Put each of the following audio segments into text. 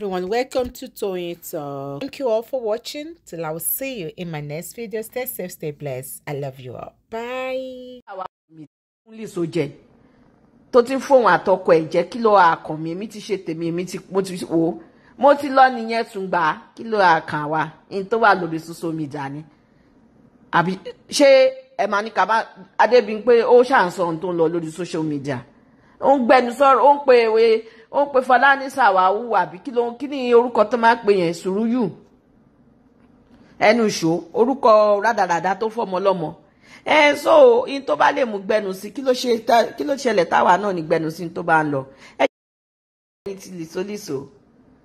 everyone welcome to Toyeen Talks thank you all for watching till i will see you in my next video stay safe stay blessed i love you all bye. àwa mi kúnlẹ̀ sójẹ́ tó ti ń fóun àtọkọ ẹ̀ jẹ́ kí mi ti ṣe tèmi èmi ti mo ti wò mo ti lọ nìyẹn tún gbà á kí ló àkàn wa ní tó wà lórí social media ni àbí ṣé ẹ máa ní kaba adébíyí pé ó ṣàǹsọ̀ ohun tó ń lọ lórí social media ó ń gbẹnusọ̀rọ̀ ó ń pe ó ń pe fọláni sàwáwù àbí kí ló ń kí ni orúkọ tó máa ń pè yẹn sùúrùyù ẹnu ìṣó orúkọ rádaràda tó fọmọ lọmọ ẹ so in tó bá lè mú gbẹnu sí kí ló ṣẹlẹ̀ táwa náà ní gbẹnu sí tó bá ń lọ ẹ ẹyin ti lìsó lìsó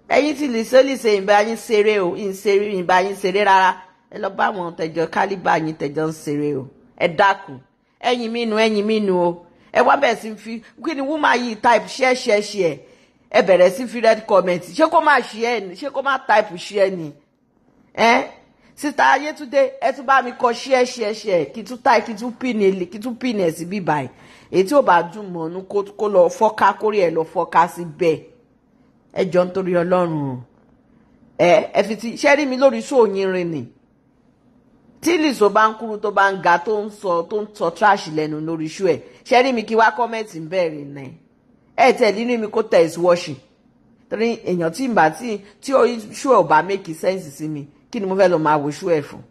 ẹyin ti lìsó lìsó ìbá yín ṣeré o ìbá yín ṣeré rárá ẹ lọ bá àwọn tẹjọ kálíbà yín tẹjọ ń ṣeré o ẹ dákun ẹyin mínú ẹyin mínú o ẹ wá bẹ̀ sí fi kí ni woman yìí type ṣẹ́ṣẹ́ṣẹ́ ẹ bẹ̀rẹ̀ sí fi red comment ṣé kó máa ṣe ẹ ni ṣé kó máa type ṣe ẹ ni ẹ síta ayétúndé ẹ tún bá mi kọ ṣe ẹ ṣe ẹ ṣe ẹ kí tún táì kí tún pin ẹ kí tún pin ẹ sí bíbá ẹ èyí tí ò bá dùn mọ́ ọ̀nù kó lọ fọ́ká kórè ẹ lọ fọ́ká sí bẹ́ẹ̀ ẹ jọ ń torí ọlọ́run ẹ ẹ fi ti ṣẹ́ rí mi lórí sóòyìn rin ni tí lìsò bá ń kúrú tó bá ń ga tó ń sọ tó ń sọ trash lẹ́nu lórí iṣu ẹ ṣẹ́ rí mi kí wá kọ́mẹ́ǹtì ń bẹ̀rẹ̀ náà ẹ nínú mi kó tẹ̀ is washing torí èèyàn tí ìgbà tí tí ó ṣú ẹ̀ ò bá make sí mi kí ni mo fẹ́ lọ máa wò ṣú ẹ̀ fún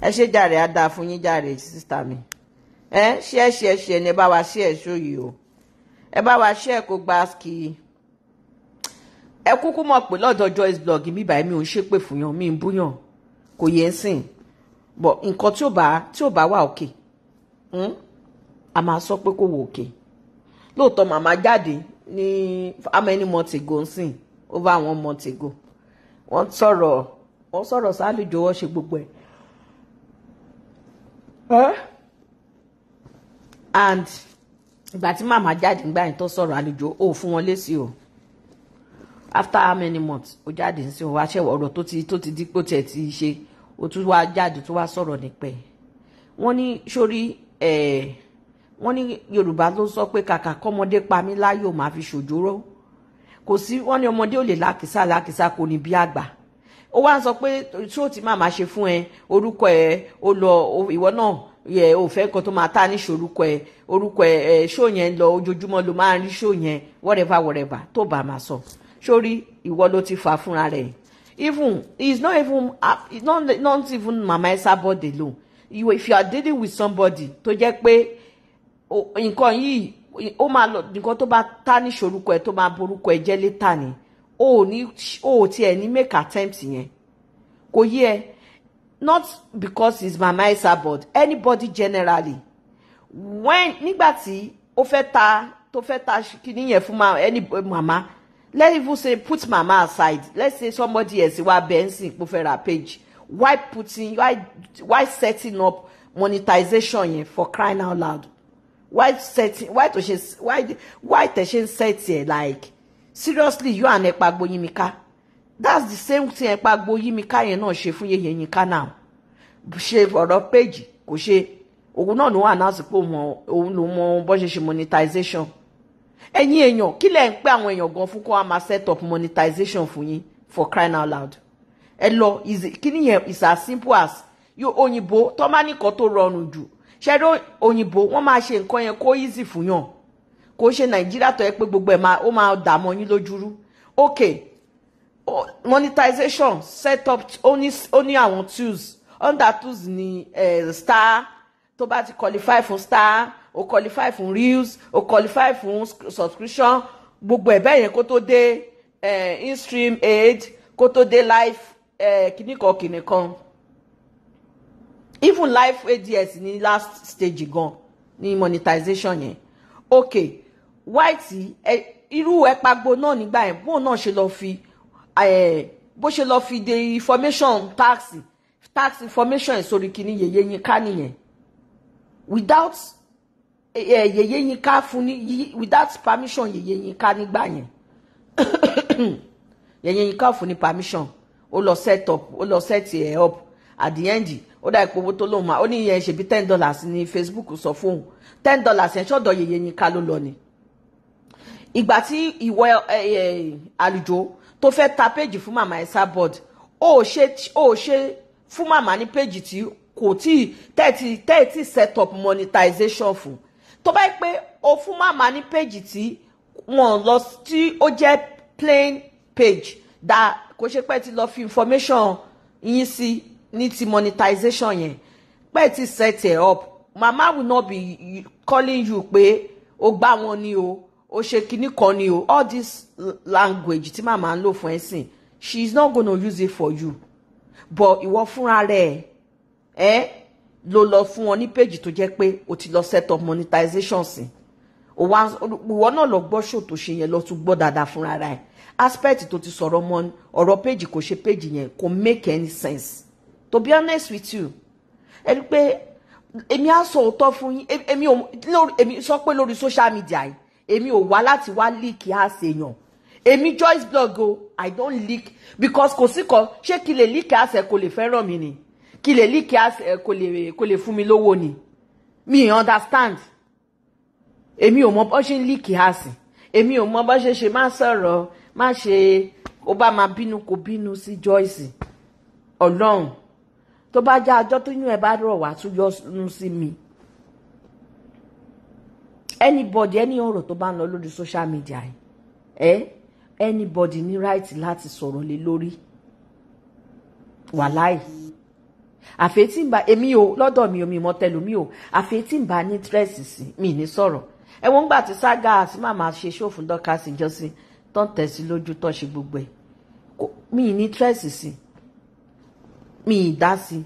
ẹ ṣe jàre á dáa fún yín jàre sísítà mi ẹ ṣe ẹ ṣe ẹ ṣe ẹ ní ẹ bá wa ṣe ẹ ṣó yìí o ẹ bá wa ṣe ẹ kó gba kì í ẹ kúkú mọ̀ pé lọ́dọ̀ Joyce blog mi báyìí mi ò ń ṣépè fún yàn mi ń búyàn kò yẹ ń sìn bọ̀ nǹkan tí ò bá tí ò bá wà òkè hmm, a máa sọ pé kò wò òkè lóòótọ́ màmá jáde ní how many months ago ń sìn over one month ago wọ́n sọ̀rọ̀ wọ́n sọ̀rọ̀ sálùjọ wọ́n ṣe gbogbo ẹ̀ and ìgbà tí màmá jáde ń gbà yín tó sọ̀rọ̀ àlejò ó fún wọn lésì o after how many months ó jáde ń sìn ó wá ṣẹ̀wọ̀ ọ̀rọ̀ tó ti tó ti di pé tiẹ̀ ti ṣe ó tún wá jáde tó wá sọ̀rọ̀ nípẹ́ wọ́n ní sórí ẹ̀ẹ́. Eh, wọ́n ní yorùbá ló sọ pé kàkà kọ́mọdé pa mí láyò máa fi ṣòjóró kò sí wọ́n ní ọmọdé ò lè lákìsà lákìsà kò ní bí àgbà ó wá ń sọ pé tí ó ti máa máa ṣe fún ẹ orúkọ ẹ ó lọ ìwọ náà yẹ òfẹ kan tó máa ta níṣẹ orúkọ ẹ orúkọ ẹ ẹ ṣó yẹn lọ ojoojúmọ́ ló máa ń rí ṣó yẹn whatever whatever tó bá máa sọ sórí ìwọ ló ti fà fúnra rẹ even it's not even it's not, not even mama esa body lo. if you are dealing with somebody tó jẹ́ pé nǹkan yìí ó máa lọ nǹkan tó bá ta ní sorúkọ ẹ tó máa borúkọ ẹ jẹ́ létà ni o ò ní o ò tiẹ̀ ní make attempt yẹn kò yé ẹ not because his mama isa but anybody generally when nígbà tí o fẹ́ ta tó fẹ́ ta kíní yẹn fún any mama let's even say put mama aside let's say somebody else wa benson kó fẹ́ ra page why putting why why setting up monetization yẹn for crying out loud why setting why to ṣe why why tẹ ń set ẹ like seriously you and ẹ̀pà gboyinmika that's the same thing ẹ̀pà gboyinmika yẹn náà ṣe fún yẹyẹ yinka now ṣe ọ̀rọ̀ péjì kò ṣe òun náà ló wà náàsì pé òun ló mọ bó ṣe ṣe monetization ẹ̀yin èèyàn kí lẹ̀ ń pè àwọn èèyàn gan fún kó a máa set up monetization fún yín for crying out loud ẹ lọ kí nìyẹn is as simple as yóò òyìnbó tọ́ máa nìkan tó rọrùn jù ṣẹ́rọ òyìnbó wọ́n máa ṣe nǹkan yẹn kó easy fún yàn kó ṣe nàìjíríà tó yẹ pé gbogbo ẹ̀ ó máa dààmú yín lójúrú ok monetization set up ó ní àwọn tools under tools ni eh, star tó bá ti qualify fún star o qualify fún reels o qualify fún subscription gbogbo ẹ̀ bẹ́ẹ̀ yẹn kó tó dé eh, in stream aid kó tó dé live eh, kìnnìkan kìnnìkan even life ads ni last stage gan ni monetization yẹn ok white eh, irú ẹ̀pàgbò náà nígbà yẹn bóun náà ṣe lọ fi bó ṣe lọ fi de information tax tax information ẹ̀ sórí kìíní yèyé yín ká nìyẹn without yèyé yín ká fún ní without permission yèyé yín ká nígbà yẹn yèyé yín ká fún ní permission ó lọ set up ó lọ set ẹ̀ up at the end ó dá ìpowó tó lóun máa ó ní ìyẹn ṣe ten dollars ní Facebook sọ fóun ten dollars ẹ̀ ṣọ́dọ̀ yèyé yín ká ló lọ ni. ìgbà tí ìwọ àlùjọ tó fẹ́ ta péjì fún màmá ẹ̀sà board ó ṣe ó ṣe fún màmá ní péjì tí kò tí tẹ́ẹ̀tì tẹ́ẹ̀tì set up monetization fún tó bá yẹ pé o fún màmá ní péjì tí wọ́n lọ tí ó jẹ́ plain page dá kò ṣe pé ti lọ fi information yín sí ní ti monetization yẹn pẹ́ ti set it up mama will not be calling you pé o gbá wọn ni o o ṣe kinní kan ni o all this language tí màmá ń lò fún ẹ sìn she is not gonna use it for you but ìwọ fúnra rẹ ẹ ló lọ fún wọn ní page tó jẹ́ pé o ti lọ set up monetization sí ìwọ náà lọ gbọ́ ṣò tó ṣe yẹn lọ tún gbọ́ dáadáa fúnra rẹ aspect tó ti sọ̀rọ̀ mọ́ ọ̀rọ̀ péjì kò ṣe péjì yẹn kò make any sense to be honest with you ẹni pé èmi á sọ òótọ́ fún yín èmi ò èmi sọ pé lórí social media yìí èmi ò wá láti wá leak àṣeyàn èmi Joyce blog o I don leak because kò sí kan ṣé kí lè leak àṣẹ kò lè fẹ́ràn mi ni kí lè leak àṣẹ kò lè kò lè fún mi lówó ni mi understand èmi ò mọ bó ṣe ń leak àṣì èmi ò mọ bó ṣe ṣe má sọ̀rọ̀ má ṣe ó bá máa bínú kò bínú sí Joyce ọlọ́run tó bá já ọjọ́ tó yún ẹ bá rọ̀ wá tún yọnu sí mi anybody ẹni ọ̀rọ̀ tó bá ń lọ lórí social media yìí ẹ anybody ní right láti sọ̀rọ̀ lé lórí wàláì àfẹ́tí ń bá èmi o lọ́dọ̀ mi o mi mọ tẹlomi o àfẹ́tí ń bá ní tírẹ́sì sí mi ní sọ̀rọ̀ ẹ̀wọ̀n gbà tí sága àti màmá ṣe ṣòfin dọ́ka sí jọ́sìn tó tẹ̀sí lójú tó ṣe gbogbo ẹ̀ mi ní tírẹ́sì sí mi ì dá sí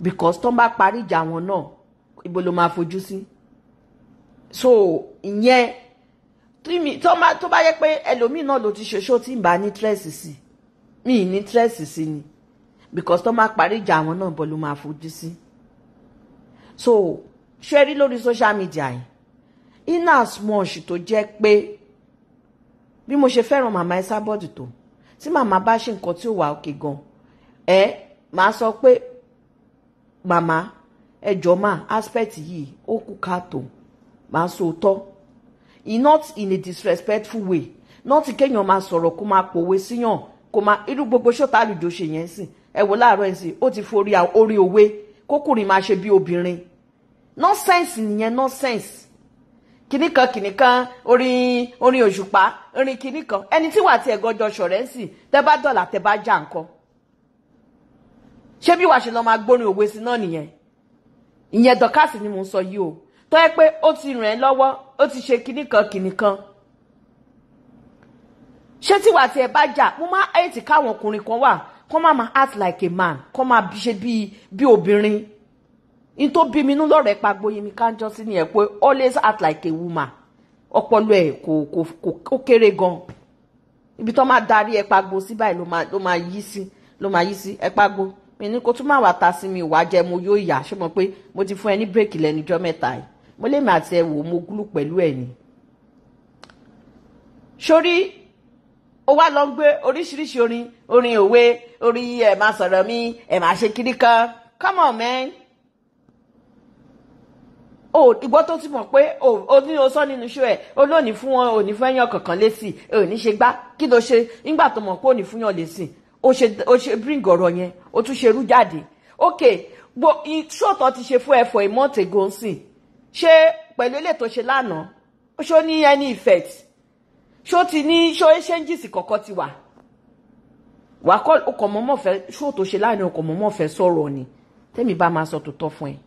because tó ń bá parí ìjà wọn náà ibo ló máa fojú sí so ìyẹn tó bá yẹ pé ẹlòmíì náà ló ti ṣoṣo tí ń bá ní tírẹ́sì sí mi ì ní tírẹ́sì sí ni because tó máa parí ìjà wọn náà bọ́ ló máa fojú sí so ṣe rí lórí social media yìí in as much tó jẹ́ pé bí mo ṣe fẹ́ràn màmá Esabod tó tí màmá bá ṣe nǹkan tí ó wà òkè gan ẹ máa sọ pé màmá ẹ jọ máa aspect yìí ó kú káàtó máa sọ tọ́ in not in a disrespectful way not kéèyàn máa sọ̀rọ̀ kó máa pòwe síyàn kó máa irú gbogbo ṣọ́tà àlùjọ ṣe yẹn sìn ẹ wò láàárọ̀ ẹ̀ sìn ó ti forí orí òwe kókùnrin máa ṣe bí obìnrin nonsense nìyẹn nonsense kìnnì kan kìnnì kan orin orin òṣùpá orin kìnnì kan ẹni tí wà á tiẹ̀ gọjọ ṣọ̀rẹ́ sí tẹ bá dọ̀là tẹ bá já nǹkan ṣé bí wàá ṣe lọ máa gbórin òwe sí náà nìyẹn ìyẹn dọ̀kásì ni mò ń sọ yìí o tó yẹ pé ó ti ràn ẹ́ lọ́wọ́ ó ti ṣe kinní kan kinní kan ṣé tí wàá tiẹ̀ bá jà mo máa ẹ̀yìntì káwọn ọkùnrin kan wà kó má máa act like a man kó máa ṣe bí bí obìnrin n tó bí mi inú lọ́rọ̀ ẹ̀ pagbo yìí mi ká ń jọ sí ni ẹ̀ pé always act like a woman ọpọlọ ẹ̀ kò kò kò ó kéré gan ibi tó máa darí ẹ̀ pagbo sí báyìí ló máa yí sí ló máa yí sí ẹ̀ pagbo mi ní kó tún máa wà ta sí mi wàá jẹ mo yóò yà ṣé mo pé mo ti fún ẹ ní bírèkì lẹ́nujọ́ mẹ́ta yìí mo lè máa tẹ wò mo gúlù pẹ̀lú ẹ̀ ni. sórí ó wá lọ ń gbé oríṣiríṣi orin orin òwe orin ẹ̀ máa sọ̀rọ̀ mi ẹ̀ máa ṣe kiri kan come on man. o ìgbọ́ tó ti mọ̀ pé o ní o sọ nínú iṣẹ́ ẹ̀ o lónìí fún wọn ò ní fún ẹyàn kankan lésì ò ní ṣe gbá kí ló ṣe nígbà tó mọ̀ pé ò ní fún yàn lésì ó ṣe ó ṣe bring ọ̀rọ̀ yẹn ó tún ṣe rú jáde ok gbo ṣọ́ọ̀tọ̀ ti ṣe fún ẹ for a month ago nsìn ṣé pẹ̀lú ilé tó ṣe lánàá ó ṣó ní any effect ṣó ti ní ṣó changes kọ̀ọ̀kan ti wà wàá kọ́ ọkọ̀ mọ́mọ́ fẹ́ ṣó tó ṣe lánàá ọkọ̀ mọ́mọ́ fẹ́ sọ̀rọ̀ ni tẹ́mi bá máa sọ tòótọ́ fún ẹ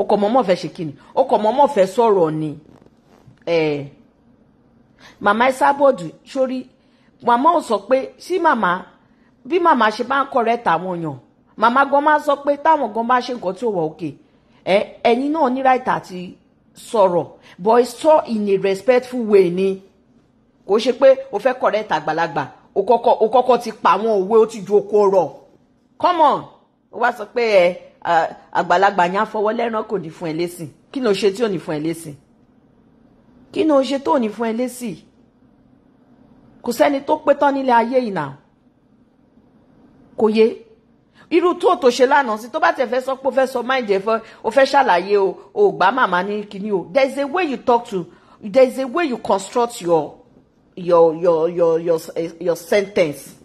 ọkọ̀ mọ́mọ́ fẹ́ ṣe kí ni ọkọ̀ mọ́mọ́ fẹ́ sọ̀rọ̀ ni ẹ̀ màmá ẹ sábọ̀dù sórí màmá ò sọ pé sí màmá bí màmá ṣe bá ń correct àwọn èèyàn màmá gan máa sọ pé táwọn gan bá ṣe nǹkan tí ò wọ òkè ẹ ẹ̀yin náà ní right àti sọ̀rọ̀ but it's in a respectful way ni kò ṣe pé o fẹ́ correct àgbàlagbà o kọ́kọ́ o kọ́kọ́ ti pa àwọn òwe o ti ju oko rọ̀ come on o wá sọ pé ẹ àgbàlagbà yẹn afọwọ́ lẹ́ràn kò ní fún ẹ lésì kí ni o ṣe tí ò ní fún ẹ lésì kí ni o ṣe tó ò ní fún ẹ lésì kò sẹ́ni tó pé tán nílé ayé ìnà kò yé irú tó tó ṣe lánàá sí tó bá tẹ̀ fẹ́ sọ pé o fẹ́ sọ mind ẹ̀ fẹ́ o fẹ́ ṣàlàyé o ò gbá màmá ní kíní o there is a way you talk to there is a way you construct your your your your your your sentence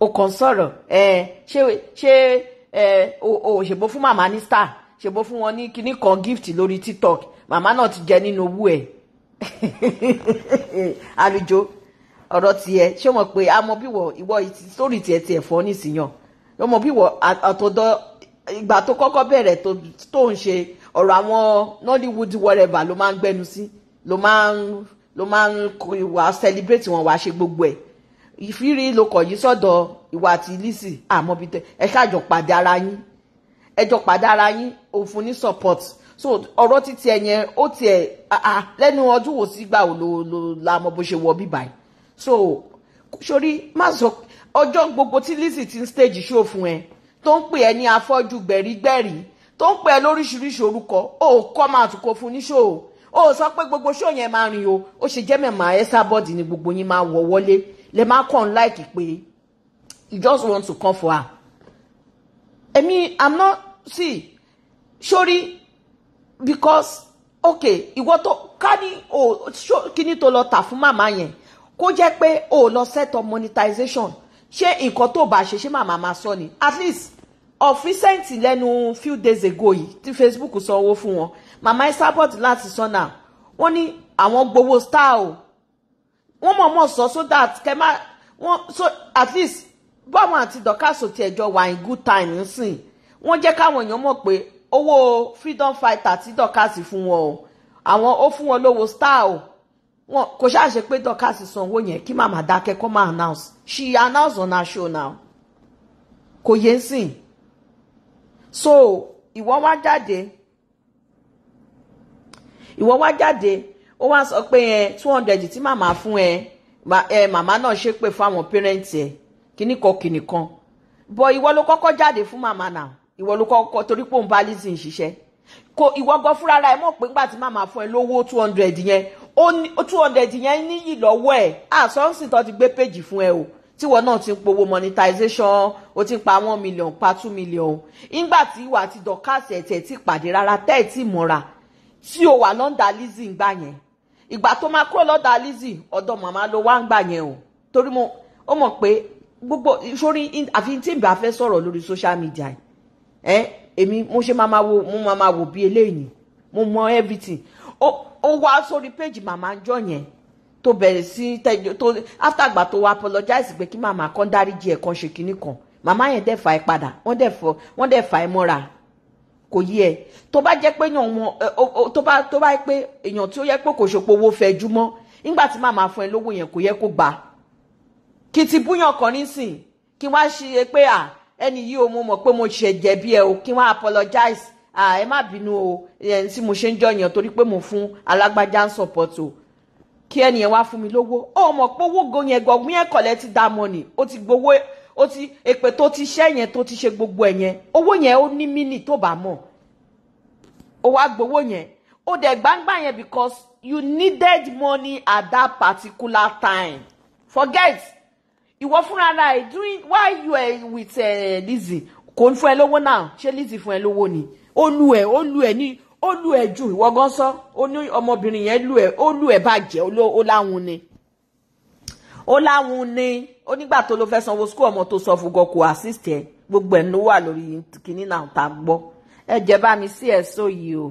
o kàn sọ̀rọ̀ ẹ ṣe ṣe ẹ o ò ṣèbó fún màmá ní star ṣèbó fún wọn ní kíní kan gift lórí tiktok màmá náà ti jẹ nínú owó ẹ̀. àlùjọ ọ̀rọ̀ tiẹ̀ ṣé mọ̀ pé a mọ bí wọ ìwọ sórí tiẹ̀ tiẹ̀ fọ́ nísìyàn ó mọ bí wọ àtọ̀dọ̀ ìgbà tó kọ́kọ́ bẹ̀rẹ̀ tó ń ṣe ọ̀rọ̀ àwọn Nollywood whatever ló máa ń gbẹnu sí ló máa ń ló máa ń wà celebrate wọn wà ṣe gbogbo ẹ̀ ìfírí ló kọ̀ yìí sọ́dọ̀ ìwà àti lisi àmọ́ bí tẹ ẹ ṣáàjọ pàdé ara yín ẹ ara yín òfun ní support so ọ̀rọ̀ ti tiẹ̀ yẹn ó tiẹ̀ lẹ́nu ọdún wo sí gbà ló ló la mọ bó ṣe wọ bíbá yìí so sori má sọ ọjọ́ gbogbo tí Lizzy ti ń stage show fún ẹ tó ń pè ẹ ní afọ́jú gbẹ̀rígbẹ̀rí tó ń pè ẹ lóríṣiríṣi orúkọ ó kọ́ máa tún kó fún ní ṣòwò ó sọ pé gbogbo ṣó yẹn máa rìn o ó ṣe jẹ́ mẹ̀mà ẹ́sà bọ́ọ̀dì ni gbogbo yín máa wọ̀ wọlé lè má kàn láìkì pé you just want to come for her. èmi i'm not see sórí because okay ìwọ tó ká ní o kíní tó lọ tà fún màmá yẹn kó jẹ́ pé o lọ set up monetization ṣé nǹkan tó bá ṣe ṣé màmá máa sọ ni at least of recent lẹ́nu few days ago yìí tí Facebook san owó fún wọn màmá Esabod láti sanna wọ́n ní àwọn gbowó star o wọ́n mọ̀ọ́mọ̀ sọ so that kẹ́ má wọ́n so at least báwọn àti dọ̀kásò tiẹ̀ jọ wà in good time ń sìn wọ́n jẹ́ káwọn èèyàn mọ̀ pé owó freedom fighter tí dọ́kàsì fún wọn o àwọn ó fún wọn lówó star o wọn kò ṣàṣe pé dọ́kàsì san owó yẹn kí màmá dákẹ́ kó má announce she announce on her show now kò yé ń sìn so ìwọ wá jáde ìwọ wá jáde ó wá sọ pé ẹ two hundred tí màmá fún ẹ ẹ màmá náà ṣépè fún àwọn parents ẹ kíníkan kíníkan bọ ìwọ ló kọ́kọ́ jáde fún màmá náà ìwọ ló kọ́kọ́ torí pé òun bá Lizzy ṣiṣẹ́ kò ìwọ gan fúnra rẹ mọ̀ pé nígbà tí màmá fún ẹ lówó two hundred yẹn ó two hundred yẹn níyì lọ́wọ́ ẹ̀ àsọ́nsìn ah, tó ti gbé péjì fún ẹ o tíwọ náà ti ń powó monetization o ti ń pa one million pa two million ńgbà tí ìwà àti dọ̀kásì ẹ̀tẹ̀ ti pàdé rárá tẹ́ ẹ̀ ti mọ̀ra tí o wà lọ́ndà Lizzy ńgbà yẹn ìgbà tó máa kúrò lọ́dà Lizzy ọ̀dọ̀ màmá ló wá ńgbà yẹn o torí mo ó mọ̀ pé gbogbo sórí àfi tí ìbá fẹ́ sọ̀rọ̀ lórí social media yìí ẹ èmi mo ṣe máa ma wo mo máa ma wò bí eléyìí mo mọ everything ó wá sórí péjì màmá jọ yẹn tó bẹ̀rẹ̀ sí tẹjọ tó after àgbà tó wá apologize pé kí màmá kan dáríjì ẹ̀ kan ṣe kinní kan màmá yẹn dẹ̀ fà ẹ́ padà wọ́n dẹ̀ fọ wọ́n dẹ̀ fà ẹ́ mọ́ra kò yí ẹ tó bá jẹ́ pé èèyàn wọn tó bá tó bá pé èèyàn tí ó yẹ pé kò ṣòpò owó fẹjú mọ́ nígbà tí màmá fún ẹ lówó yẹn kò yẹ kó gbà kì kan nísìn kí wọ́n á ṣe pé à ẹni yìí o mo mọ̀ pé mo ṣe jẹ̀bi ẹ o kí wọ́n apologize ẹ má bínú o ẹni tí mo ṣe ń jọyàn torí pé mo fún alágbájá ń support o kí ẹni yẹn wá fún mi lówó ó mọ̀ pé owó go yẹn gọ̀gbìn ẹ̀ collect that money ó ti gbowó ó ti èpè tó ti ṣẹ́ yẹn tó ti ṣe gbogbo ẹ̀ yẹn owó yẹn ó ní mínì tó bá mọ̀ ó wá gbowó yẹn ó dẹ̀ gbangba yẹn because you needed money at that particular time forget ìwọ fúnra rẹ during while you were with uh, eh, Lizzie kò ń fún ẹ lówó náà ṣé Lizzie fún ẹ lówó ni ó lu ẹ ó lu ẹ ní ó lu ẹ ju ìwọ gan sọ ó ní ọmọbìnrin yẹn lu ẹ ó lu ẹ bàjẹ́ ó láwọn ni ó láwọn ni ó nígbà tó ló fẹ́ sanwó skul ọmọ tó sọ fún gan assist ẹ gbogbo ẹ̀ ló wà lórí kìnínní náà tá a gbọ́ ẹ jẹ́ bá mi sí ẹ̀ yìí o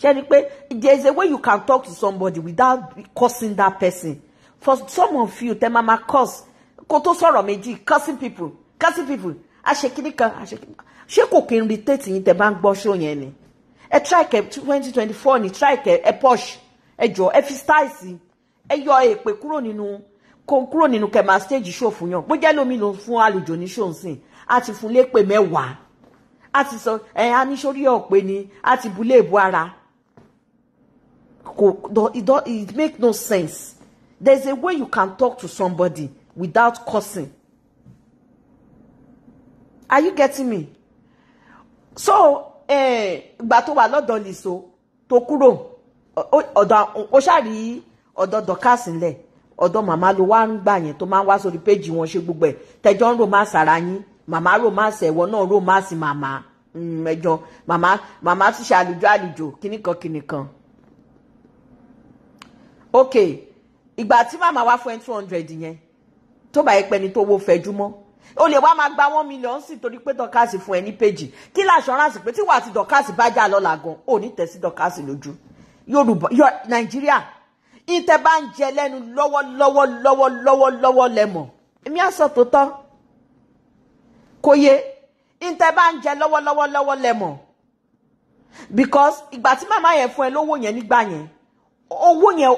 ṣe ni pé there is a way you can talk to somebody without causing that person for some of you tẹ́ máa ma curse kó tó sọ̀rọ̀ méjì cursing people cursing people àṣekínní kan àṣekínní kan ṣé kò kí n rí tètè yín tẹ bá ń gbọ́ ṣó yẹn ni ẹ tíráìkẹ twenty twenty four ni tíráìkẹ ẹ pọ́ṣ ẹ jọ ẹ fi style sí ẹ yọ èpè kúrò nínú kó kúrò nínú kẹmà stage show fún yàn bó jẹ́ lómi ló fún àlùjọ ní show nsìn a ti fún lépè mẹ́wàá a ti sọ ẹ a ní sórí ọ̀pẹ ni a ti bu léèbù ara kò it, it make no sense there is a way you can talk to somebody without cursing. Are you getting me? So, eh, ìgbà tó wà lọ́dọ̀ Lizzo tó kúrò ọ̀dọ̀ ó ṣàrí ọ̀dọ̀ Dorkas ńlẹ̀ ọ̀dọ̀ màmá ló wá ń gbà yẹn tó máa ń wá sórí péjì wọn ṣe gbogbo ẹ̀ tẹjọ́ ń rò máa sàrà yín màmá rò máa sẹ̀wọ́ náà rò máa sì màmá mm, ẹjọ́ màmá màmá ti ṣe àlùjọ àlùjọ kìnnìkan kìnnìkan. ok ìgbà tí màmá wá fún ẹ two hundred yẹn tó bá yẹ pé ẹni tó wo fẹjú mọ́ o lè wá máa gba one million sí torí pé dọkásì fún ẹ ní péjì kí láṣọránsì pé tíwà àti dọkásì bá jà lọ́la gan ò ní tẹ̀sí dọkásì lójú yorùbá nàìjíríà ìtẹ̀ bá ń jẹ lẹ́nu lọ́wọ́lọ́wọ́ lọ́wọ́lọ́wọ́ lọ́wọ́ lẹ́mọ̀ èmi á sọ tòótọ́ kò yé ìtẹ̀ bá ń jẹ lọ́wọ́lọ́wọ́ lọ́wọ́ because ìgbà tí màmá yẹn fún ẹ lówó yẹn nígbà yẹn owó yẹn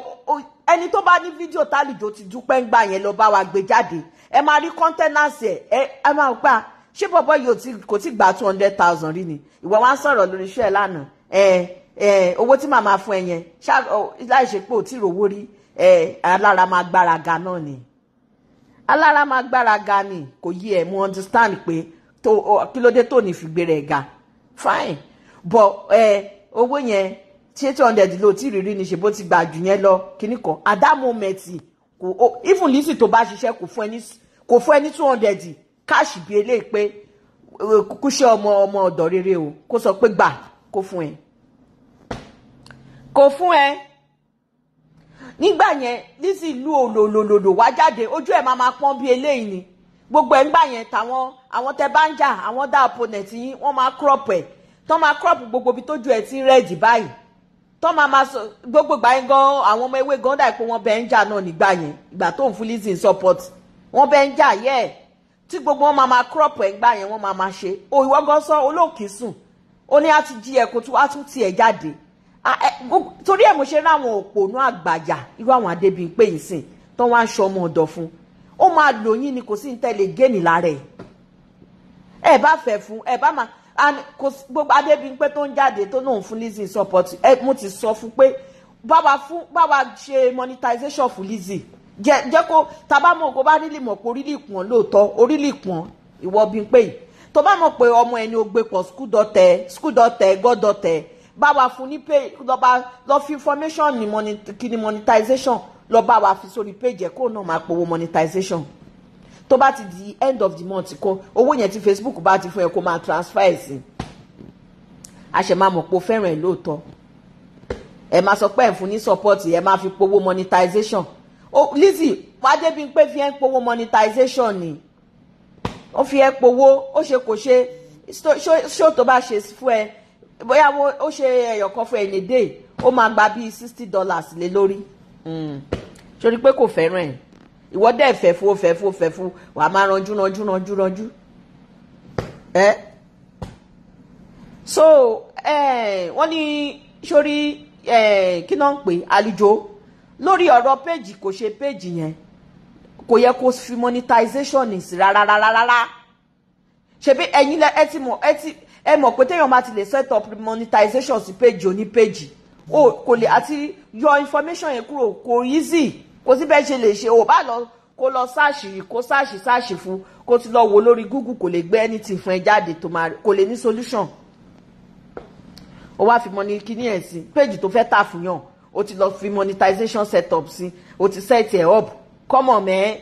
ẹni tó bá ní fídíò tálùjọ ti dúpẹ́ ń gbà yẹn lọ bá wa gbé jáde ẹ máa rí kọ́ńtẹ́nàsì ẹ ẹ máa gbà ṣé bọ́bọ́ yìí kò tí gba two hundred thousand rí ni ìwọ wá ń sọ̀rọ̀ lórí iṣẹ́ ẹ lánàá ẹ ẹ owó tí màmá fún ẹ yẹn láì ṣe pé ò tí rówó rí ẹ alára máa gbára ga náà ni alára máa gbára ga ni kò yí ẹ mo understand pé kí ló dé tó ní fi gbé rẹ̀ ga fine but ẹ owó yẹn eight hundred ló ti rírí ni ṣe bó ti gbà jù yẹn lọ kíní kan at that moment kò even lisi tó bá ṣiṣẹ́ kò fún ẹni kò fún ẹni two hundred káàṣì bíi eléyìí pé kúṣẹ́ ọmọ ọmọ ọ̀dọ̀ rere o kó sọ pé gbà kó fún ẹ kò fún ẹ nígbà yẹn lisi lu olòlòlòlò wá jáde ojú ẹ máa máa pọ́n bíi eléyìí ni gbogbo ẹ ńgbà yẹn tàwọn àwọn tẹ bá ń jà àwọn dá opponent yín wọ́n máa crop ẹ tọ́ máa crop gbogbo ibi tójú ẹ ti ń rẹ́ẹ̀dì báyìí tọ́ máa ma sọ gbogbo gbà yín gan àwọn ọmọ ewé gan dàpọ̀ wọn bẹ́ẹ̀ ń jà náà nígbà yẹn ìgbà tó ń fún Lizzy support wọn bẹ́ẹ̀ ń jà yẹ́ ẹ̀ tí gbogbo wọn máa ma crop ẹ̀ gbà yẹn wọn máa ma ṣe òyìnbó gan sọ olóòkè sùn ó ní a ti jí ẹ kó tó á tún tiẹ̀ jáde torí ẹ̀ mo ṣe ráwọn òpònú àgbàyà irú àwọn adébíyìn pé yìí sìn tó wá ń ṣọ ọmọ ọ̀dọ̀ fún ó máa lò yín ni kò sí ní tẹ́lẹ̀ géènì and kò gbogbo Adébímpé tó ń jáde tó náà fún Lizzy support ẹ mo ti sọ fún pé báwa fún báwa ṣe monetization fún Lizzy jẹ jẹ kó tábà mọ̀ kó bá rílì mọ̀ pé orílì pọ̀n lóòótọ́ orílì pọ̀n ìwọ Bímpé yìí tó bá mọ̀ pé ọmọ ẹni ó gbé pọ̀ school dọ̀tẹ̀ school dọ̀tẹ̀ god dọ̀tẹ̀ báwa fún ní pay lọ́ba lọ́ fi information ní kí ni monetization lọ́ba wa fi sórí page ẹ̀ kó náà máa pòwó monetization tó bá ti di end of the month kọ owó yẹn tí Facebook bá ti fún ẹ kó máa transfer ẹ sí a ṣe máa mọ̀ pé o fẹ́ràn ẹ lóòótọ́ ẹ máa sọ pé ẹ fún ní support ẹ máa fi powó monetization o Lizzy Adébímpé fi ẹ ń powó monetization ni ó fi ẹ powó ó ṣe kò ṣe ṣó tó bá ṣe fún ẹ bóyá ó ṣe ẹyọkan fún ẹ ní ó máa gba bíi sixty dollars lé lórí torí hmm. pé kò fẹ́ràn ẹ̀ ìwọ dẹ̀ fẹ̀fú fẹ̀fú fẹ̀fú wà á máa ranjú ranjú ranjú ranjú ẹ so wọ́n ní sórí kí náà ń pè àlùjọ lórí ọ̀rọ̀ péjì kò ṣe péjì yẹn kò yẹ kó fi monetization ní sí rárá rárá rárá ṣebí ẹ̀yin lẹ ẹ ti mọ̀ ẹ ti ẹ mọ̀ pé téèyàn bá ti lè set up monetization sí péjì oní péjì o kò lè àti yọ information yẹn kúrò kò easy kò sí bẹ́ẹ̀ ṣe lè ṣe ò bá lọ kó lọ sáàṣì kó sáàṣì sáàṣì fún kó ti lọ wo lórí Google kò lè gbé anything fún ẹ jáde tó máa kò lè ní solution ó wá fi money kíní ẹ̀ sí péjì tó fẹ́ tà fún yàn ó ti lọ fi monetization setup sí ó ti set ẹ̀ up come on man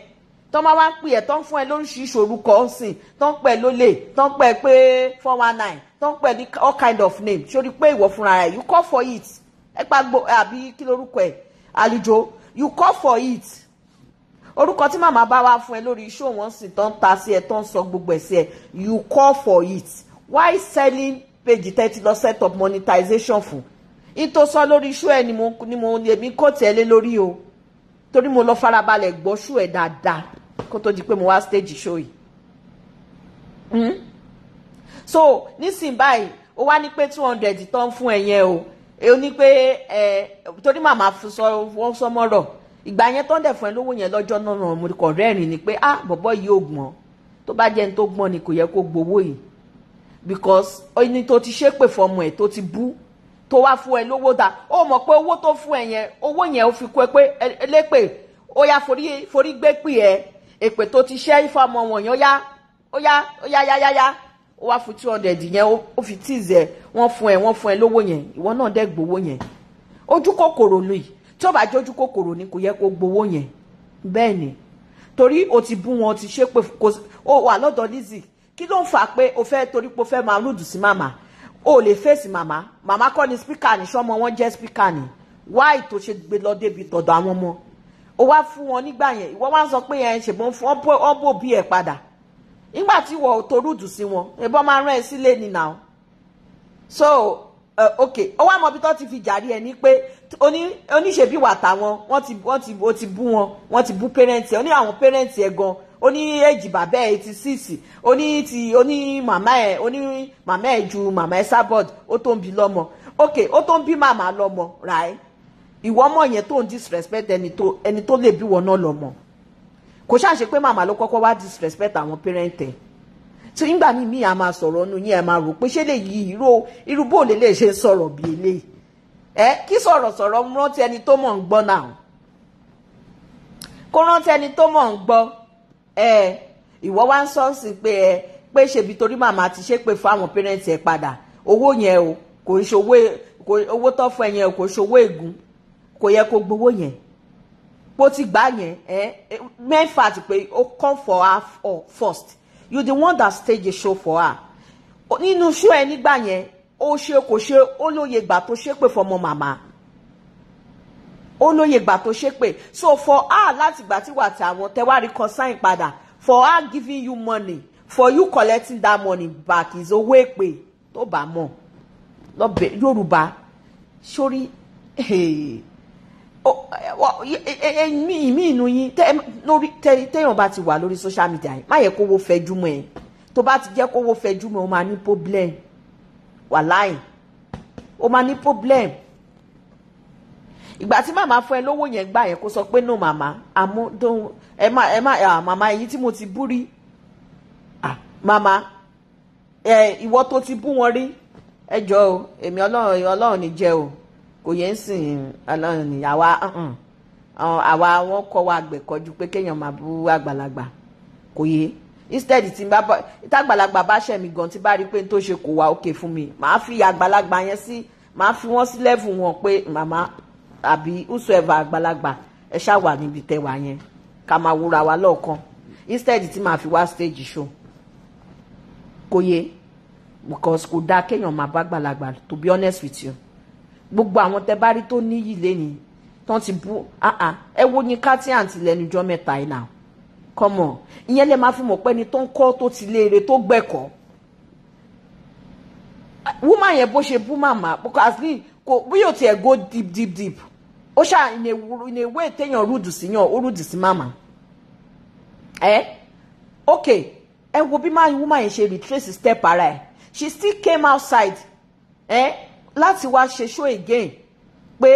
tọ́ máa wá pè ẹ́ tọ́ ń fún ẹ lóríṣiríṣi orúkọ ọ̀sìn tọ́ ń pẹ́ lólè tọ́ ń pẹ́ pé four one nine tọ́ ń pẹ́ ní all kind of name sórí pé ìwọ fúnra rẹ̀ you call for it ẹ gbàgbọ́ àbí kí lórúkọ ẹ̀ àlùjọ you call for it orúkọ tí màmá bá wá fún ẹ lórí iṣẹ́ wọn sì tán ta sí ẹ tán sọ gbogbo ẹ̀ sí ẹ you call for it why selling page thirty lọ set up monetization fún ìtò sọ lórí iṣẹ́ ẹ ni mo ni mo èmi kò tiẹ̀ lé lórí o torí mo lọ farabalẹ̀ gbọ́ ṣù ẹ̀ dáadáa kó tó di pé mo wá stage show yìí mm? so nísìnyí báyìí ó wá ní pé two hundred tán fún ẹ yẹn o ẹ ó ní pé ẹ torí màmá sọ wọ́n sọ mọ́rọ̀ ìgbà yẹn tó fún ẹ lówó yẹn lọ́jọ́ náà mo kọ̀ rẹ́rìn ni pé ah bọ̀bọ́ yìí ò gbọ́n tó bá jẹ́ ní tó gbọ́n ni kò yẹ kó gbowó yìí because ẹni tó ti ṣépè fọmọ ẹ̀ tó ti bú tó wá fún ẹ lówó ta ó mọ̀ pé owó tó fún ẹ yẹn owó yẹn ó fi kú ẹ pé elépè ó yá forí gbé pì ẹ èpè tó ti ṣẹ́ ìfọmọ wọ̀nyẹn ó yá ó yá ó yá yá yá yá ó wá fún two hundred yẹn ó fi tíìz ẹ wọ́n fún ẹ wọ́n fún ẹ lówó yẹn ìwọ náà dẹ̀ gbowó yẹn ojú kòkòrò lò yìí tí ó bá jẹ́ ojú kòkòrò ni kò yẹ kó gbowó yẹn bẹ́ẹ̀ ni torí o ti bú wọn o ti ṣépè kò ó wà lọ́dọ̀ Lizzy kí ló ń fà pé o fẹ́ torí pé o fẹ́ máa rúdù sí màmá o lè fèsì màmá màmá kọ́ ni spíkà ni sọ́mọ wọn jẹ́ spíkà ni wáì tó ṣe gbé lọ débi tọ̀dọ̀ àwọn ọmọ o wá fún wọn nígbà yẹn ìwọ wá sọ pé ẹ ṣègbọn fún ọ bò bí ẹ padà nígbà tí wọ́n ò torúdù sí wọn ìbọn máa rán ẹ sílé ni now so uh, ok ó wá mọ ibi tó ti fi jàrí ẹ ní pé oníṣèbí wà táwọn wọ́n ti wọ́n ti ó ti bú wọn wọ́n ti bú pẹ́rẹ́ǹtì ẹ ó ní àwọn pẹ́rẹ́ǹtì ẹ gan ó èjì bàbá ẹ ti síìsì ó ti ó màmá ẹ ó màmá ẹ ju màmá ẹ sábọ̀d ó tó ń bi lọ́mọ ok ó tó ń bí màmá lọ́mọ ràí ìwọ́mọ̀ yẹn tó ń disrespect ẹni tó ẹni tó lè bí wọn náà lọ́mọ kò ṣáà ṣe pé màmá ló kọ́kọ́ wá disrespect àwọn parent ẹ̀ tí nígbà míì míì a máa sọ̀rọ̀ nu yín ẹ máa rò pé ṣé lè yí ìró irú bó lè lè ṣe sọ̀rọ̀ bí eléyìí ẹ kí sọ̀rọ̀ sọ̀rọ̀ rántí ẹni tó mọ̀ ń gbọ́ náà kó rántí ẹni tó mọ̀ ń gbọ́ ẹ ìwọ wá ń sọ́ọ̀sì pé ẹ pé ṣèbí torí màmá ti ṣe pé fáwọn pẹ́rẹ́ǹtì ẹ padà owó yẹn o kò ń ṣe owó tó fún ẹ yẹn o kò ń ṣe owó bó ti gbà yẹn eh, main fact pé o come for her for oh, first you the one that stage the show for her nínú show ẹ nígbà yẹn ó ṣe kò ṣe ó lóye ìgbà tó ṣe pé fọmọ màmá ó lóye ìgbà tó ṣe pé so for her láti ìgbà tí wà tí àwọn tẹwárí kan consign, padà for her giving you money for you collecting that money back is owó èpè tó bá mọ̀ lọ́bẹ̀ yorùbá sórí. Hey ẹ̀mí ìmí inú yín téèyàn bá ti wà lórí social media yìí má yẹ kówó fẹjú mọ́ ẹ tó bá ti jẹ́ kówó fẹjú mọ́ ẹ ó máa ní problem wàláì ó máa ní problem ìgbà tí màmá fún ẹ lówó yẹn gbà yẹn kó sọ pé no màmá àmú don ẹ má ẹ má màmá èyí tí mo ti bú rí ah màmá ẹ ìwọ tó ti bú wọn rí ẹ jọ o èmi Ọlọ́run Ọlọ́run ní jẹ o kò yẹn sìn ọlọ́run uh-uh. àwa àwa wọn kọ́ wa gbẹ̀kọ́jú pé kéèyàn máa bú àgbàlagbà kò yé instead tí n bá bọ ìtàgbàlagbà bá ṣẹ̀ mí gan tí bá rí i pé n tó ṣe kò wá òkè fún mi màá fi àgbàlagbà yẹn sí màá fi wọ́n sí lẹ́fù wọn pé màmá àbí whosoever àgbàlagbà ẹ ṣáà wà níbi tẹwà yẹn ká máa wúra wa lọ́ọ̀kan instead tí màá fi wá stage show kò yé because kò dáa kéèyàn máa bá àgbàlagbà to be honest with you gbogbo àwọn tẹ bá rí tó níyì lẹ́ni tán ti bú ẹ wo ní kátìyàntì lẹ́nujọ́ mẹ́ta yìí náà kọ́mọ̀ ìyẹn lè máa fi mọ̀ pé ẹni tó ń kọ́ tó ti léèrè tó gbẹ̀kọ́ woman yẹn bó ṣe bú màmá as in kò bí yóò tiẹ̀ go deep deep deep ó ṣà in a way téèyàn rúdù sí yàn ó rúdù sí màmá ẹ ok ẹ wo bí woman yẹn ṣe retrace step ara ẹ she still came outside. Eh? láti wá ṣe show again pé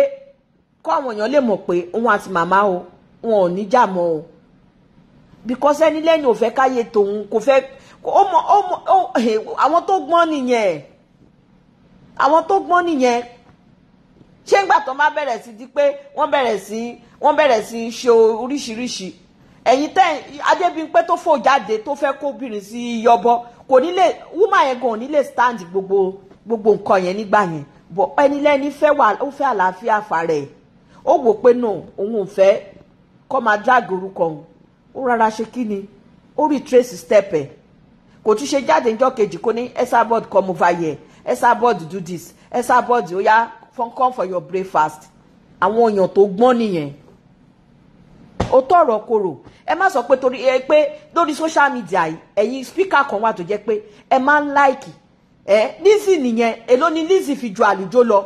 kó àwọn èèyàn lè mọ̀ pé òun àti màmá o wọn ò ní jà mọ́ o because ẹni lẹ́yìn ò fẹ́ káyé tòun kò fẹ́ ó mọ ó mọ àwọn tó gbọ́n nìyẹn àwọn tó gbọ́n nìyẹn ṣé ń gbà tó má bẹ̀rẹ̀ sí di pé wọ́n bẹ̀rẹ̀ sí wọ́n bẹ̀rẹ̀ sí ṣe oríṣiríṣi ẹ̀yin tẹ́ Adébímpé tó fò jáde tó fẹ́ kóbìnrin sí yọbọ kò ní lè wúmà yẹn gan ò ní lè stand gbogbo gbogbo nǹkan yẹn nígbà yẹn bọ̀ ẹni lẹ́ni fẹ́ wà ó fẹ́ àlàáfíà fara ẹ̀ ó wò pé nù òun ò fẹ́ kọ́ máa drag orúkọ òun ó rárá ṣe kí ni ó trace step ẹ̀ kò tún ṣe jáde níjọ́ kejì kó ní ẹ̀sà board come over here ẹ̀sà board do this ẹ̀sà board ó yá come for your breakfast àwọn èèyàn tó gbọ́n nìyẹn ó tọrọ koro ẹ má sọ pé torí ẹ pé lórí social media ẹ̀yin speaker kan wà tó jẹ́ pé ẹ máa ń láìkì ẹ Lizzy nìyẹn èló ni Lizzy fi ju àlùjọ lọ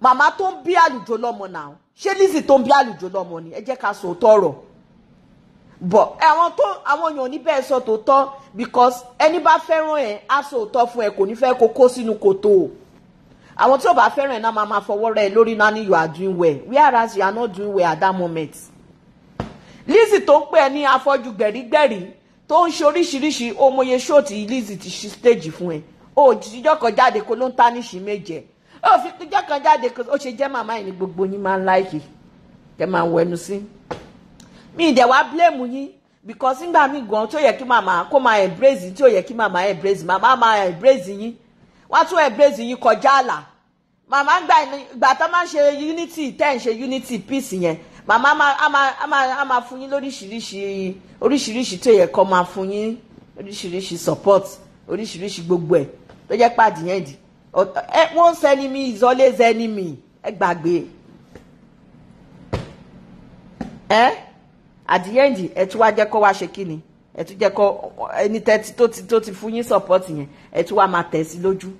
màmá tó ń bí àlùjọ lọ́mọ náà ṣé Lizzy tó ń bí àlùjọ lọ́mọ ni ẹ jẹ́ ká sọ òótọ́ ọ̀rọ̀ bọ̀ àwọn tó àwọn èèyàn ní sọ tòótọ́ because ẹni bá fẹ́ràn ẹ̀ á sọ òótọ́ fún ẹ kò ní fẹ́ kó kó sínú kòtò àwọn tí ò bá fẹ́ràn ẹ̀ náà máa máa fọwọ́ rẹ̀ lórí náà ni you are doing well whereas you are not doing well at that moment Lizzy tó ń pè ẹ ní afọ́jú gbẹ̀rígbẹ̀rí tó ń ṣe oríṣiríṣi ó mọye ṣóòtì Lizzy ti ṣe stage fún ẹ òjijọ́ kan jáde kó ló ń tánìṣì méje òfin ìjọ́ kan jáde kó ó ṣe jẹ́ màmá yìí ni gbogbo yín máa ń láìkì kẹ́ máa ń wẹnu sí. mi ìdẹ̀ wá blame yín because nígbà míì gan tó yẹ kí màmá kó máa embrace tí ò yẹ kí màmá embrace màmá máa embrace yín wọ́n tún embrace yín kọjá àlà màmá gbà tó máa ń ṣe unity tẹ́ ń ṣe unity peace yẹn màmá a máa fún yín lóríṣiríṣi oríṣiríṣi tó yẹ kó máa fún yín oríṣiríṣi support oríṣiríṣi gbogbo ẹ̀ tó jẹ́ pàdé yẹn di once enemy is always enemy ẹ gbàgbé ẹ àdìyẹ́ǹdì ẹ tún wá jẹ́ kó wá ṣe kí ni ẹ tún jẹ́ kó ẹni tẹ́tí tó ti tó ti fún yín support yẹn ẹ tún wá máa tẹ̀ sí lójú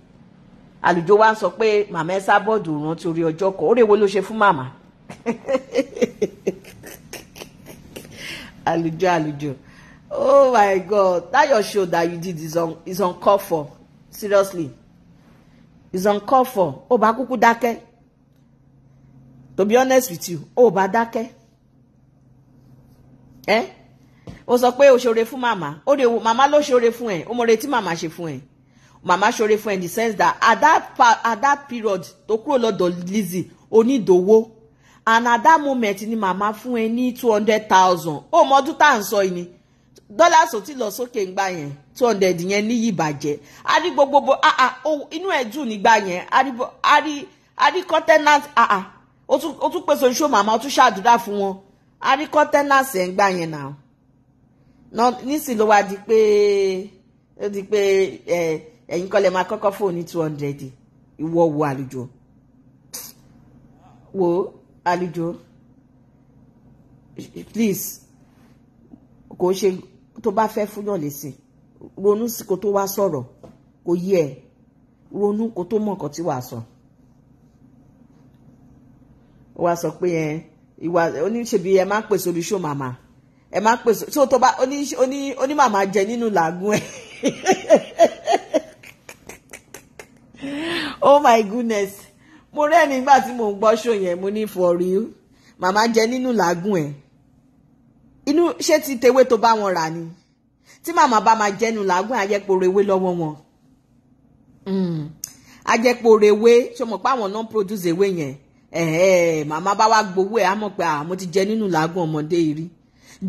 àlùjọ wa sọ pé màmá ẹ sábọ́ọ̀dù rántí orí ọjọ́ kan oore wo ló ṣe fún màmá àlùjọ àlùjọ oh my god that your show that you did is, un, is uncalled for seriously is uncalled for ó bá kúkú dákẹ́ to be honest with you ó bá dákẹ́ ẹ eh? ó sọ pé ó ṣoore fún màmá ó lè wo màmá ló ṣoore fún ẹ ó mọ̀re tí màmá ṣe fún ẹ màmá ṣoore fún ẹ in the sense that at that, at that period tó kúrò lọ́dọ̀ Lizzy onídòwó and at that moment ni mama fún e ni two hundred thousand ó mọ ọdún tá à ń sọ yìí ni dọ́là sòtì lọ sókè two hundred yẹn níyì bàjẹ́ a rí gbogbo ah, ah, inú ẹ̀ dùn nígbà yẹn a rí continent ó ah, tún pèsè oṣù màmá ó tún ṣàdúrà fún wọn a rí continent ẹ̀ ń gbà yẹn náà nísìnyí ló wá di pé ó di pé ẹ̀yin kọ́ lẹ máa kọ́kọ́ fóònù two hundred ìwọ wo àlùjọ wo àlùjọ please kò ṣe tó bá fẹ́ fúnyàn lè sìn ronú sí kó tó wá sọ̀rọ̀ kò yẹ ẹ ronú kó tó mọ̀ nǹkan tí wàá sọ. ó wá sọ pé ẹ ìwà oníṣèbí ẹ máa ń pèsè olùṣó màmá ẹ máa ń pèsè tí ó tó bá onímàmá jẹ nínú làágùn ẹ. oh my goodness mo rẹ́ nígbà tí mò ń gbọ́ ṣó yẹn mo ní for real màmá jẹ nínú làágùn ẹ inú ṣé ti tewé tó bá wọn rà ni tí màmá bá máa jẹnu làágùn àjẹpòrò ewé lọ́wọ́ wọn àjẹpòrò hmm. ewé ṣe mọ̀ pé àwọn náà produce ewé yẹn màmá bá wá gbowó ẹ̀ á mọ̀ pé àmọ́ ti jẹ nínú làágùn ọmọdé yìí rí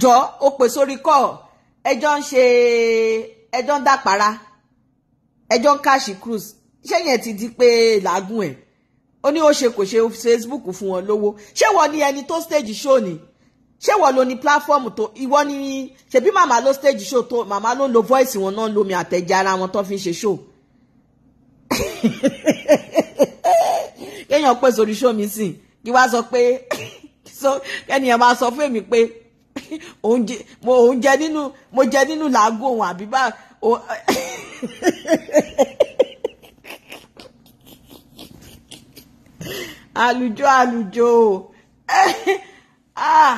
jọ ó pè sórí kọ́ ẹjọ́ ń ṣe ẹjọ́ ń dàpara ẹjọ́ ń káàṣì cruise ṣẹ́yìn ẹ̀ ti di pé làágùn ẹ̀ ó ní ó ṣe kò ṣe Facebook fún wọn lówó ṣé wọ́n ní ẹni tó stage show ni ṣé wọ́n lo ní platform tó ìwọ ni ṣebí màmá ló stage show tó màmá ló ń lo voice wọn náà lomi àtẹ̀jẹ́ ara wọn tó fi ń ṣe show kéèyàn pè sórí show mi sìn kí wá sọ pé kẹ́niyàn máa sọ fún èmi pé òun jẹ nínú mo jẹ nínú làágùn òun àbí bá àlùjọ àlùjọ ah.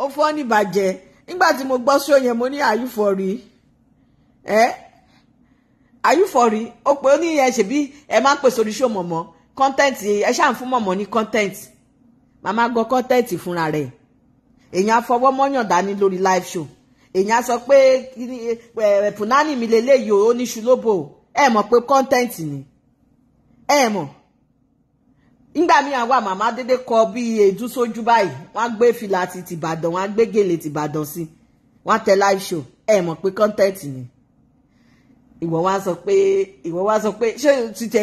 ó fọ́ ní bàjẹ́ nígbà tí mo gbọ́ sí òyìn mo ní àyùfọ̀rí ẹ́ àyùfọ̀rí ó pé ó ní ẹ ṣèbí ẹ máa ń pèsè oríṣi òmọ̀mọ́ content ẹ ṣáà ń fún mọ̀mọ́ ní content màmá gọ content fúnra rẹ̀ èèyàn mọ́yàn dání lórí live show èèyàn á sọ pé pùnánì mi lélẹ́yìí ó níṣu lóbò ẹ mọ̀ pé content ni ẹ mọ̀. nígbà míì àwa màmá dédé kọ bí èédú sójú báyìí wọn á gbé fìlà ti tìbàdàn wọn á gbé gèlè tìbàdàn sí wọn tẹ live show ẹ mọ̀ pé kọ́ńtẹ́ǹtì ni ìwọ wá sọ pé ìwọ wá sọ pé ṣé ti tẹ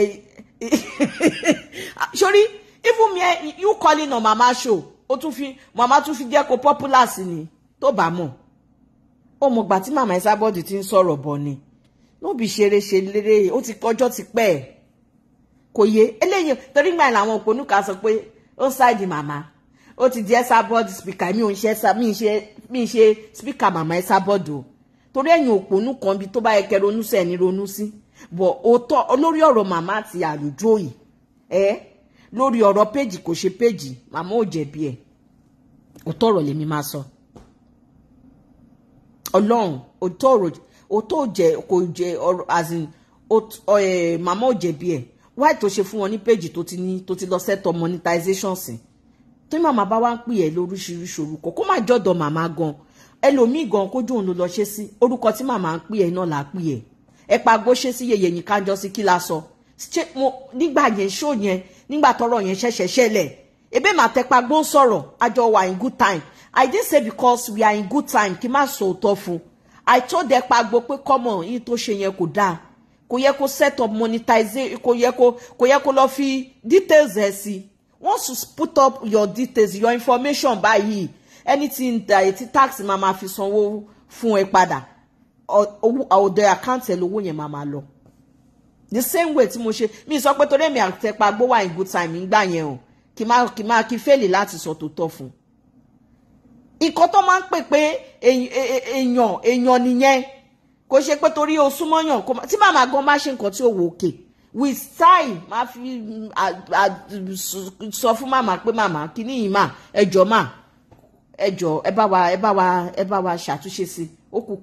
sórí even me you calling on mama show o tún fi mama tún fi jẹ́ kó popular sí ni tó bá mọ̀ ó mọ̀ gbà tí mama Esabod ti ń sọ̀rọ̀ bọ̀ ni no bí ṣeré ṣe lérè ó ti kọjọ́ ti pẹ́ ẹ̀ kò yé eléyìí torí gbà làwọn òpónú kan sọ pé ó ṣáàjì màmá ó ti di ẹsà bọ́ọ̀dù spíkà mi ò ń ṣe ẹsà mi ń ṣe mi ń ṣe spíkà màmá ẹsà bọ́ọ̀dù o torí ẹ̀yìn òpónú kan bí tó bá yẹ kẹ́ ronú sẹ́ni ronú sí bọ̀ òótọ́ olórí ọ̀rọ̀ màmá àti àlùjọ yìí ẹ lórí ọ̀rọ̀ péjì kò ṣe péjì màmá ò jẹ̀bi ẹ̀ òótọ́ ọ̀rọ̀ lèmi máa sọ ọlọ́run òótọ́ ọ̀rọ̀ òótọ́ ò jẹ kò jẹ ọ̀rọ̀ as in màmá ò jẹ̀bi ẹ̀ why tó ṣe fún wọn ní péjì tó ti ní tó ti lọ sẹ́tọ̀ monetization sí tó ní màmá bá wá ń pè ẹ́ lóríṣiríṣi orúkọ kó má jọ̀dọ̀ màmá gan ẹlòmíì gan kójú òun ló lọ ṣe sí orúkọ tí màmá ń pè ẹ́ náà là á pè ẹ́ ẹ pa gbóṣe sí yẹyẹ yìí kájọ sí kí la sọ nígbà yẹn ṣó yẹn nígbà tọ́rọ̀ yẹn ṣẹ̀ṣẹ̀ ṣẹlẹ̀ ebe mà tẹpa gbó ń sọ̀rọ̀ àjọ wà in good time i dey say because we are in good time kí má sọ òótọ́ fún i told dẹ pa gbó pé kọ́mọ̀ yìí tó ṣe yẹn kò dáa kò yẹ kó set up monetize. kò yẹ kó kò yẹ kó lọ fi details ẹ sí once you put up your details your information báyìí anything that ti tax máa ma fi sanwó fún ẹ padà ọ̀dọ̀ àkáǹtì ẹ̀ lówó yẹn máa ma lọ the same way tí mo ṣe mi sọ pé torí èmi àtẹpa gbówà in good time ngbà yẹn o kì máa kì máa kí fẹ́ẹ̀lì láti sọ tó tọ́ fún un nǹkan máa ń pè pé èèyàn èèyàn nìyẹn kò ṣe pé torí o súnmọ́yàn kò tí màmá gan bá ṣe nǹkan tí ó wò òkè with time máa fi sọ fún màmá pé màmá kíní yìí mà ẹjọ́ mà ẹjọ́ ẹ bá wa ẹ bá wa ẹ bá wa ṣàtúnṣe sí ó kù